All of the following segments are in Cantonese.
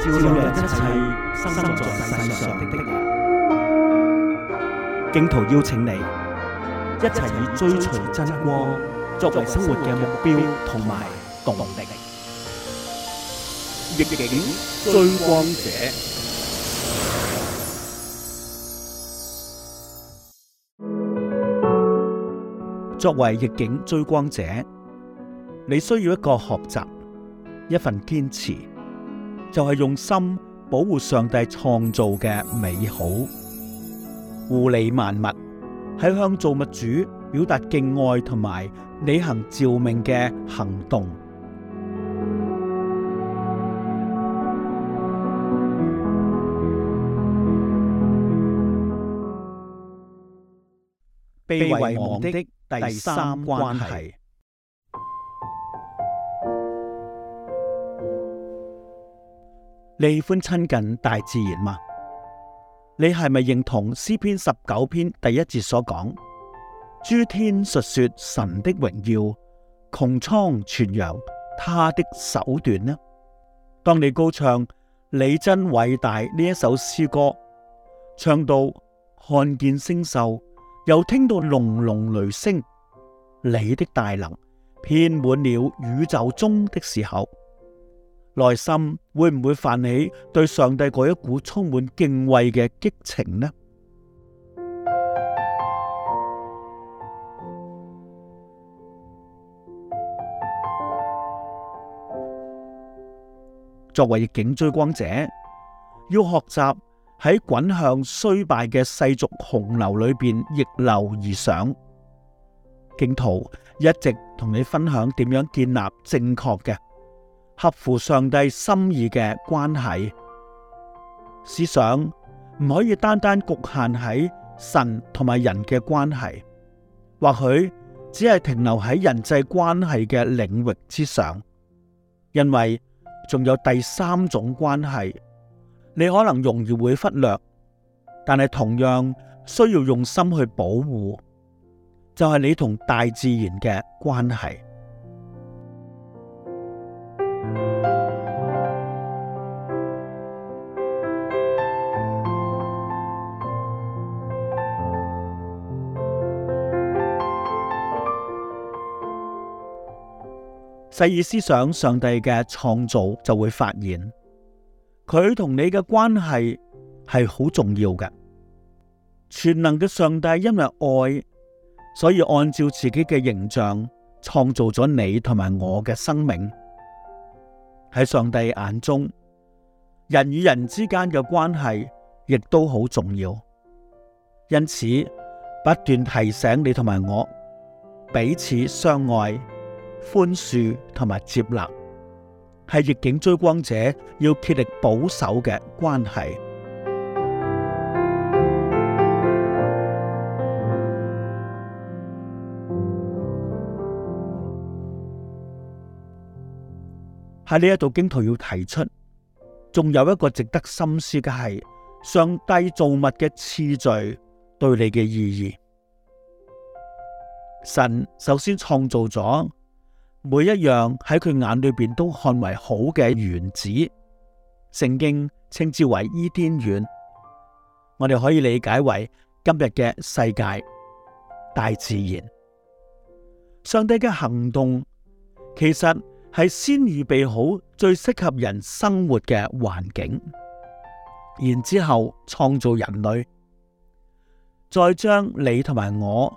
照亮一切，生在世上的人，荊徒邀請你，一齊以追隨真光作為生活嘅目標同埋動力。逆境追光者，作為逆境追光者，你需要一個學習，一份堅持。就係用心保護上帝創造嘅美好，護理萬物，喺向造物主表達敬愛同埋履行召命嘅行動。被遺忘的第三關係。你喜歡親近大自然嗎？你係咪認同詩篇十九篇第一節所講：諸天述說神的榮耀，穹蒼傳揚他的手段呢？當你高唱《你真偉大》呢一首詩歌，唱到看見星宿，又聽到隆隆雷聲，你的大能遍滿了宇宙中的時候。內心會唔會泛起對上帝嗰一股充滿敬畏嘅激情呢？作為逆境追光者，要學習喺滾向衰敗嘅世俗洪流裏邊逆流而上。荊徒一直同你分享點樣建立正確嘅。合乎上帝心意嘅關係。思想，唔可以單單局限喺神同埋人嘅關係，或許只係停留喺人際關係嘅領域之上。因為，仲有第三種關係，你可能容易會忽略，但係同樣需要用心去保護，就係你同大自然嘅關係。細思想，上帝嘅創造就會發現，佢同你嘅關係係好重要嘅。全能嘅上帝因為愛，所以按照自己嘅形象創造咗你同埋我嘅生命。喺上帝眼中，人與人之間嘅關係亦都好重要，因此不斷提醒你同埋我彼此相愛。寬恕同埋接納，係逆境追光者要竭力保守嘅關係。喺呢一度，荊徒要提出，仲有一個值得深思嘅係上帝造物嘅次序對你嘅意義。神首先創造咗。每一樣喺佢眼裏邊都看為好嘅園子，聖經稱之為伊甸園。我哋可以理解為今日嘅世界、大自然。上帝嘅行動其實係先預備好最適合人生活嘅環境，然之後創造人類，再將你同埋我。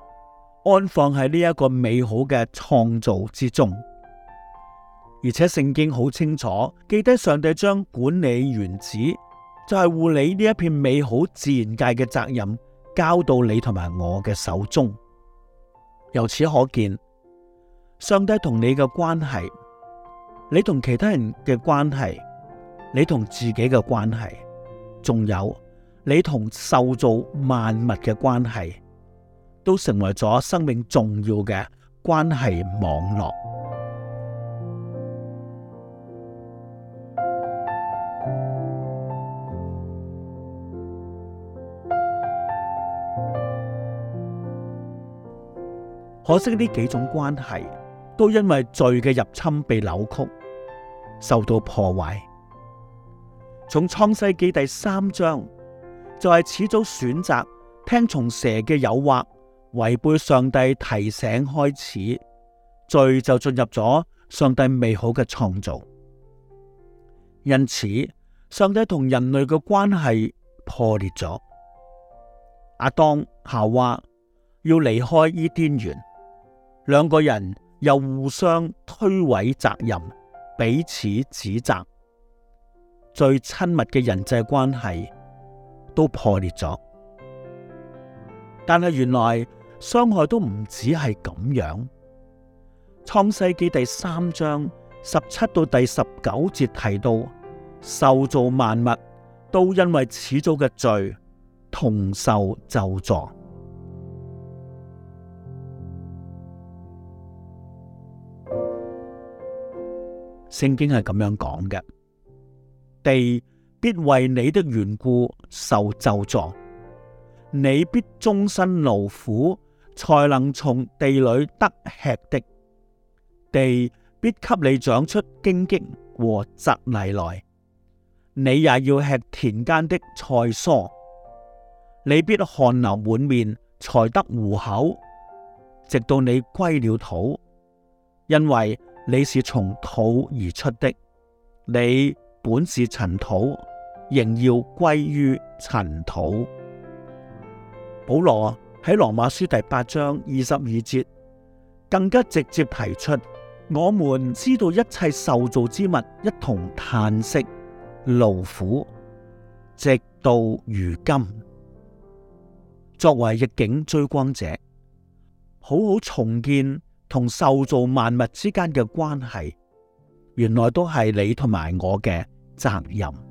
安放喺呢一個美好嘅創造之中，而且聖經好清楚，記得上帝將管理原子，就係護理呢一片美好自然界嘅責任，交到你同埋我嘅手中。由此可見，上帝同你嘅關係，你同其他人嘅關係，你同自己嘅關係，仲有你同受造萬物嘅關係。都成為咗生命重要嘅關係網絡。可惜呢幾種關係都因為罪嘅入侵被扭曲、受到破壞。從創世紀第三章就係、是、始祖選擇聽從蛇嘅誘惑。違背上帝提醒開始，罪就進入咗上帝美好嘅創造，因此上帝同人類嘅關係破裂咗。亞當夏娃要離開伊甸園，兩個人又互相推諉責任，彼此指責，最親密嘅人際關係都破裂咗。但係原來。傷害都唔止係咁樣，《創世紀》第三章十七到第十九節提到，受造萬物都因為始祖嘅罪，同受咒詛。聖經係咁樣講嘅：地必為你的緣故受咒詛，你必終身勞苦。才能從地裏得吃的，地必給你長出荊棘和蒺藜來。你也要吃田間的菜蔬，你必汗流滿面才得糊口，直到你歸了土，因為你是從土而出的，你本是塵土，仍要歸於塵土。保羅。喺羅馬書第八章二十二節，更加直接提出：我們知道一切受造之物一同嘆息勞苦，直到如今。作為逆境追光者，好好重建同受造萬物之間嘅關係，原來都係你同埋我嘅責任。